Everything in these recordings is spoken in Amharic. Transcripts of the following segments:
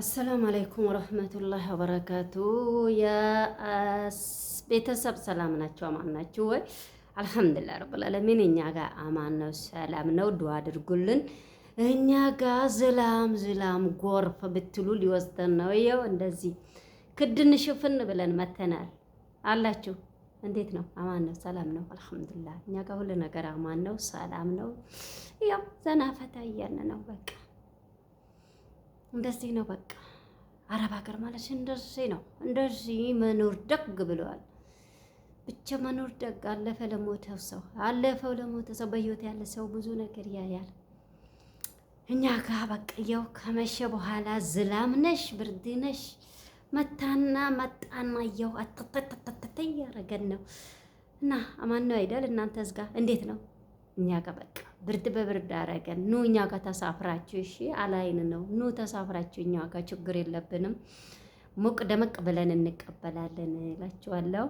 አሰላም አለይኩም ወረህመቱላህ ወበረካቱ። ቤተሰብ ሰላም ናቸው፣ አማን ናችሁ ወይ? አልሐምዱሊላህ ረብል እኛ ጋር አማን ነው፣ ሰላም ነው። ዱዓ አድርጉልን። እኛ ጋር ዝላም ዝላም ጎርፍ ብትሉ ሊወስደን ነው። ይኸው እንደዚህ ክድን ሽፍን ብለን መተናል አላችሁ። እንዴት ነው? አማን ነው፣ ሰላም ነው፣ አልሐምዱሊላህ። እኛ ጋር ሁሉ ነገር አማን ነው፣ ሰላም ነው። ያው ዘና ፈታ እያልን ነው በቃ እንደዚህ ነው በቃ አረብ ሀገር ማለት እንደዚህ ነው። እንደዚህ መኖር ደግ ብለዋል። ብቻ መኖር ደግ። አለፈ ለሞተው ሰው አለፈው ለሞተ ሰው በህይወት ያለ ሰው ብዙ ነገር ያያል። እኛ ጋ በቃ ያው ከመሸ በኋላ ዝላም ነሽ ብርድ ነሽ መታና መጣና ያው አተተተተተ እያረገን ነው እና አማን ነው አይደል? እናንተ ዝጋ እንዴት ነው? እኛ ጋ በቃ ብርድ በብርድ አረገን። ኑ እኛ ጋር ተሳፍራችሁ እሺ፣ አላይን ነው ኑ ተሳፍራችሁ እኛ ጋር ችግር የለብንም፣ ሞቅ ደመቅ ብለን እንቀበላለን እላችኋለሁ።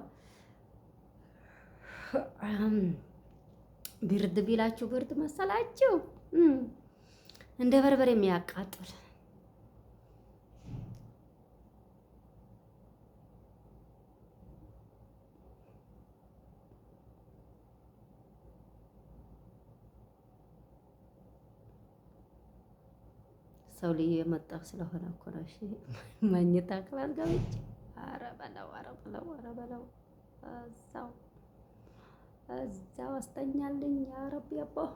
ብርድ ቢላችሁ ብርድ መሰላችሁ እንደ በርበሬ የሚያቃጥል ሰው ልዩ የመጣው ስለሆነ እኮ ነው። እሺ መኝታ ክላስ ገብቼ ኧረ በለው ኧረ በለው ኧረ በለው እዛው እዛው አስተኛልኝ። ያ ያቦ አቦ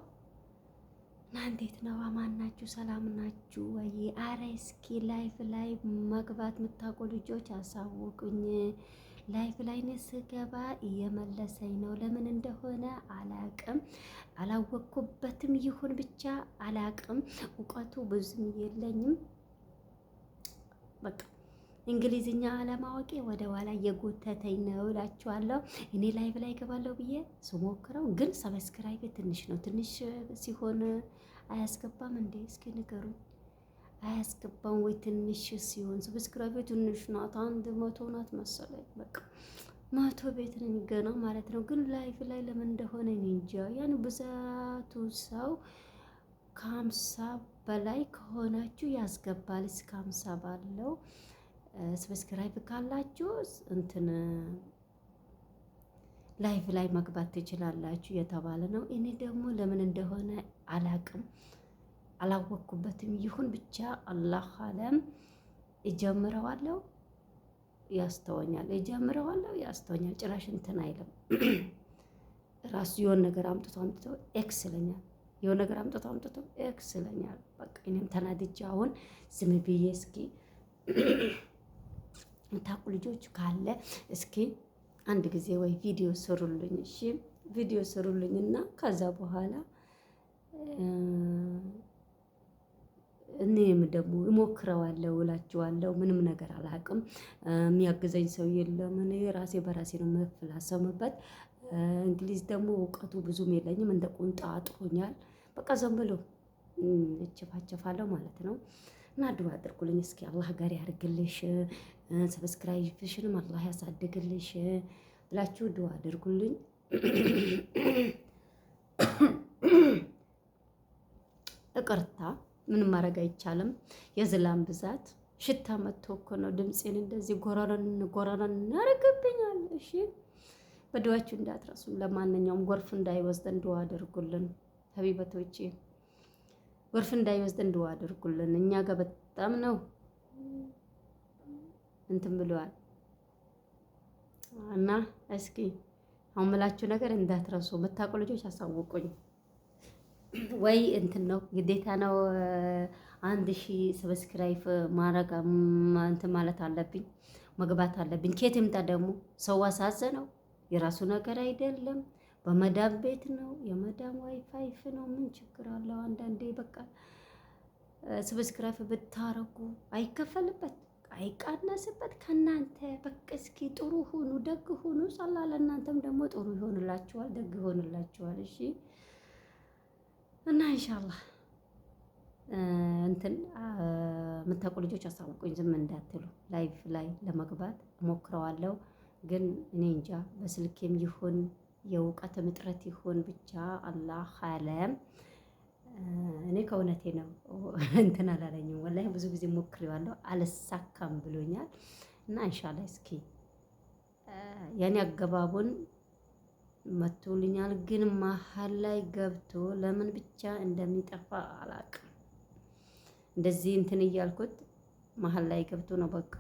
እና እንዴት ነው? አማን ናችሁ? ሰላም ናችሁ ወይ? አረ እስኪ ላይፍ ላይ መግባት የምታውቁ ልጆች አሳውቁኝ። ላይፍ ላይን ስገባ እየመለሰኝ ነው። ለምን እንደሆነ አላቅም፣ አላወቅኩበትም። ይሁን ብቻ አላቅም፣ እውቀቱ ብዙም የለኝም። በቃ እንግሊዝኛ አለማወቄ ወደ ኋላ እየጎተተኝ ነው እላችኋለሁ። እኔ ላይቭ ላይ ገባለሁ ብዬ ስሞክረው ግን ሰብስክራይብ ትንሽ ነው። ትንሽ ሲሆን አያስገባም እንዴ? እስኪ ንገሩኝ። አያስገባም ወይ? ትንሽ ሲሆን ሰብስክራይብ ትንሽ ናት፣ አንድ መቶ ናት መሰለኝ። በቃ መቶ ቤት ነኝ ገና ማለት ነው። ግን ላይፍ ላይ ለምን እንደሆነ እኔ እንጃ። ያን ብዛቱ ሰው ከሀምሳ በላይ ከሆናችሁ ያስገባል። እስከ ሀምሳ ባለው ሰብስክራይብ ካላችሁ እንትን ላይፍ ላይ መግባት ትችላላችሁ የተባለ ነው። እኔ ደግሞ ለምን እንደሆነ አላቅም። አላወቅኩበትም። ይሁን ብቻ አላህ አለም እጀምረዋለሁ ያስተወኛል፣ እጀምረዋለሁ ያስተወኛል። ጭራሽ እንትን አይለም ራሱ የሆነ ነገር አምጥቶ አምጥቶ ኤክስ ይለኛል። የሆነ ነገር አምጥቶ አምጥቶ ኤክስ ይለኛል። በቃ እኔም ተናድጄ አሁን ዝም ብዬ እስኪ የምታውቁ ልጆች ካለ እስኪ አንድ ጊዜ ወይ ቪዲዮ ስሩልኝ፣ እሺ ቪዲዮ ስሩልኝ እና ከዛ በኋላ እኔም ደግሞ እሞክረዋለሁ እላችኋለሁ። ምንም ነገር አላውቅም። የሚያግዘኝ ሰው የለም። እኔ ራሴ በራሴ ነው የምፍላሰምበት። እንግሊዝ ደግሞ እውቀቱ ብዙም የለኝም። እንደ ቁንጣ አጥሮኛል። በቃ ዘንብሎ ብሎ እቸፋቸፋለሁ ማለት ነው። እና ዱዓ አድርጉልኝ እስኪ አላህ ጋር ያርግልሽ ሰብስክራይብሽንም አላህ ያሳድግልሽ ብላችሁ ዱዓ አድርጉልኝ። እቅርታ። ምንም ማድረግ አይቻልም። የዝላም ብዛት ሽታ መጥቶ እኮ ነው ድምፄን እንደዚህ ጎረረን ጎረረን ያደርግብኛል። እሺ በድዋችሁ እንዳትረሱ። ለማንኛውም ጎርፍ እንዳይወስደን ድዋ አድርጉልን ሀቢበቶቼ፣ ጎርፍ እንዳይወስደን ድዋ አድርጉልን። እኛ ጋር በጣም ነው እንትን ብለዋል እና እስኪ አሁን ምላችሁ ነገር እንዳትረሱ። የምታውቁ ልጆች አሳውቁኝ። ወይ እንትን ነው ግዴታ ነው አንድ ሺህ ሰብስክራይብ ማድረግ እንትን ማለት አለብኝ መግባት አለብኝ። ኬት ይምጣ ደግሞ ሰው አሳዘነው። የራሱ ነገር አይደለም። በመዳም ቤት ነው የመዳም ዋይፋይፍ ነው። ምን ችግር አለው? አንዳንዴ በቃ ሰብስክራይብ ብታረጉ አይከፈልበት፣ አይቃነስበት ከእናንተ በቃ እስኪ ጥሩ ሁኑ፣ ደግ ሁኑ። ሰላ ለእናንተም ደግሞ ጥሩ ይሆንላችኋል፣ ደግ ይሆንላችኋል። እሺ እና ኢንሻአላህ እንትን የምታውቁ ልጆች አሳውቁኝ። ዝም እንዳትሉ ላይቭ ላይ ለመግባት ሞክረዋለሁ፣ ግን እኔ እንጃ በስልኬም ይሁን የእውቀትም እጥረት ይሁን ብቻ አላህ አለም። እኔ ከእውነቴ ነው እንትን አላለኝም። ወላሂ ብዙ ጊዜ ሞክሬዋለሁ አልሳካም ብሎኛል። እና ኢንሻአላህ እስኪ ያኔ አገባቡን መቶልኛል፣ ግን መሀል ላይ ገብቶ ለምን ብቻ እንደሚጠፋ አላቅም። እንደዚህ እንትን እያልኩት መሀል ላይ ገብቶ ነው በቃ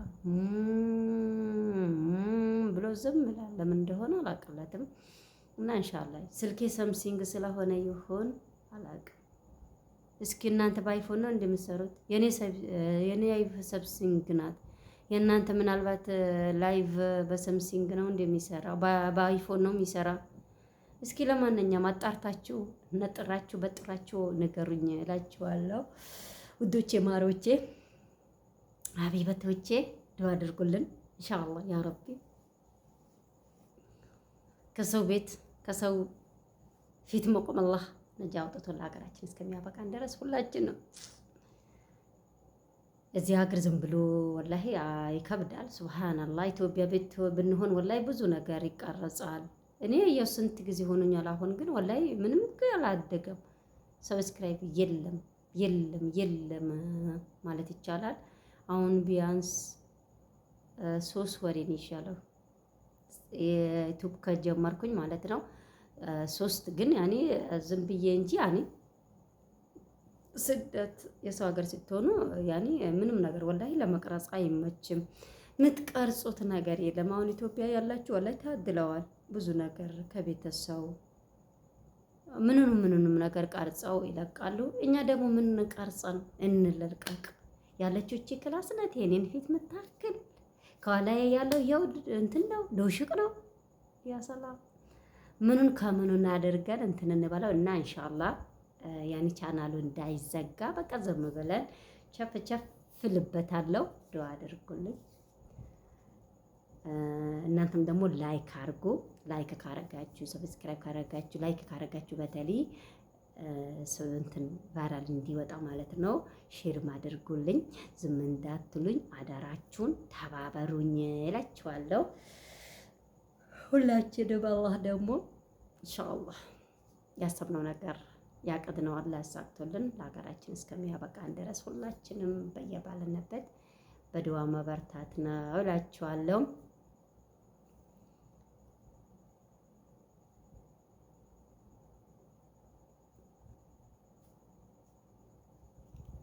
ብሎ ዝም ይላል። ለምን እንደሆነ አላቅለትም። እና እንሻላ ስልኬ ሰምሲንግ ስለሆነ ይሆን አላቅም። እስኪ እናንተ ባይፎን ነው እንደምትሰሩት? የኔ አይፍ ሰምሲንግ ናት። የእናንተ ምናልባት ላይቭ በሰምሲንግ ነው እንደሚሰራ፣ በአይፎን ነው የሚሰራ። እስኪ ለማንኛውም አጣርታችሁ ነጥራችሁ በጥራችሁ ንገሩኝ እላችኋለሁ። ውዶቼ፣ ማሮቼ፣ አቢበቶቼ ዱአ አድርጉልን ኢንሻአላህ ያ ረቢ። ከሰው ቤት ከሰው ፊት መቆም አላህ ነጃ አውጥቶ ለሀገራችን እስከሚያበቃን ድረስ ሁላችን ነው። እዚህ ሀገር ዝም ብሎ ወላሂ ይከብዳል። ሱብሃንአላህ ኢትዮጵያ ቤት ብንሆን ወላሂ ብዙ ነገር ይቀረጻል። እኔ ያው ስንት ጊዜ ሆኖኛል። አሁን ግን ወላይ ምንም አላደገም። ሰብስክራይብ የለም የለም የለም ማለት ይቻላል። አሁን ቢያንስ ሶስት ወሬ ይሻለው የዩቱብ ከጀመርኩኝ ማለት ነው። ሶስት ግን ያኔ ዝም ብዬ እንጂ ያኔ ስደት የሰው ሀገር ስትሆኑ ያኔ ምንም ነገር ወላሂ ለመቅረጽ አይመችም። ምትቀርጹት ነገር የለም። አሁን ኢትዮጵያ ያላችሁ ወላሂ ታድለዋል። ብዙ ነገር ከቤተሰቡ ምንኑ ምንንም ነገር ቀርጸው ይለቃሉ። እኛ ደግሞ ምን ቀርጸን እንለቀቅ? ያለችው ክላስ ናት። የኔን ፊት ምታክል ከኋላ ያለው ያው እንትን ነው ዶሽቅ ነው ያሰላም ምኑን ከምኑን አድርገን እንትን እንበለው እና እንሻላ ያኔ ቻናሉ እንዳይዘጋ በቃ ዘም ብለን ቸፍ ቸፍ ፍልበታለው። ዱአ አድርጉልኝ። እናንተም ደግሞ ላይክ አድርጎ ላይክ ካረጋችሁ ሰብስክራይብ ካረጋችሁ ላይክ ካረጋችሁ በተለይ ሰው ቫይራል እንዲወጣ ማለት ነው። ሼርም አድርጉልኝ፣ ዝም እንዳትሉኝ፣ አዳራችሁን ተባበሩኝ እላችኋለሁ። ሁላችንም አላህ ደግሞ ኢንሻአላህ ያሰብነው ነገር ያቀድነው አላህ ያሳክቶልን ለሀገራችን እስከሚያበቃን ድረስ ሁላችንም በየባልንበት በድዋ መበርታት ነው እላችኋለሁ።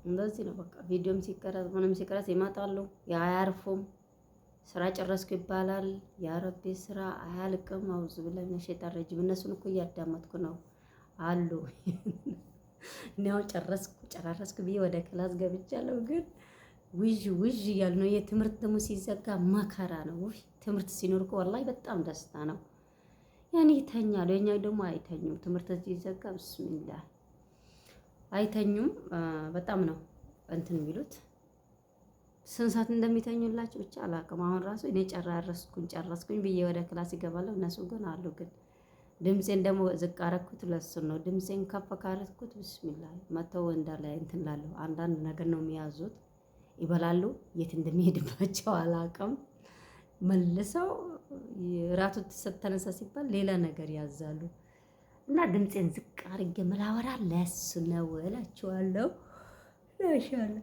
እንደዚህ ነው በቃ። ቪዲዮም ሲቀረጽ ምንም ሲቀረጽ ይመጣሉ፣ አያርፉም። ስራ ጨረስኩ ይባላል። የአረቤ ስራ አያልቅም። አውዝ ብለን ሸይጣን ረጅም። እነሱን እኮ እያዳመጥኩ ነው አሉ። እኔ ጨረስኩ ጨራረስኩ ብዬ ወደ ክላስ ገብቻለሁ፣ ግን ውዥ ውዥ እያሉ ነው። የትምህርት ደግሞ ሲዘጋ መከራ ነው። ውይ ትምህርት ሲኖር እኮ ወላሂ በጣም ደስታ ነው። ያኔ ይተኛሉ። የኛ ደግሞ አይተኙም። ትምህርት ሲዘጋ ብስሚላህ አይተኙም። በጣም ነው እንትን የሚሉት ስንት ሰዓት እንደሚተኙላችሁ ብቻ አላውቅም። አሁን ራሱ እኔ ጨራረስኩኝ ጨረስኩኝ ብዬ ወደ ክላስ ይገባለሁ። እነሱ ግን አሉ ግን ድምፄን ደግሞ ዝቅ አደረኩት። ለእሱን ነው ድምፄን ከፍ ካረኩት ብስሚላ መተው እንዳለ እንትን ላለሁ አንዳንድ ነገር ነው የሚያዙት። ይበላሉ፣ የት እንደሚሄድባቸው አላውቅም። መልሰው ራቱ ተነሳ ሲባል ሌላ ነገር ያዛሉ። እና ድምፄን ዝቅ አድርጌ መላወራ ለሱ ነው እላችኋለሁ። ሻለ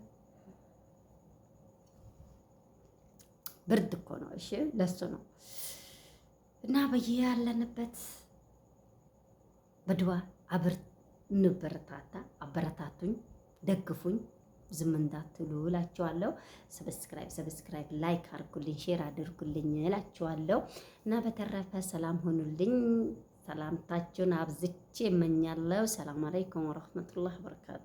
ብርድ እኮ ነው። እሺ ለሱ ነው እና በየ ያለንበት በድዋ አብር እንበረታታ። አበረታቱኝ፣ ደግፉኝ፣ ዝም እንዳትሉ እላችኋለሁ። ሰብስክራይብ ሰብስክራይብ፣ ላይክ አድርጉልኝ፣ ሼር አድርጉልኝ እላችኋለሁ እና በተረፈ ሰላም ሆኑልኝ። ሰላምታችሁን አብዝቼ እመኛለሁ። ሰላም አለይኩም ወረህመቱላህ በረካቱ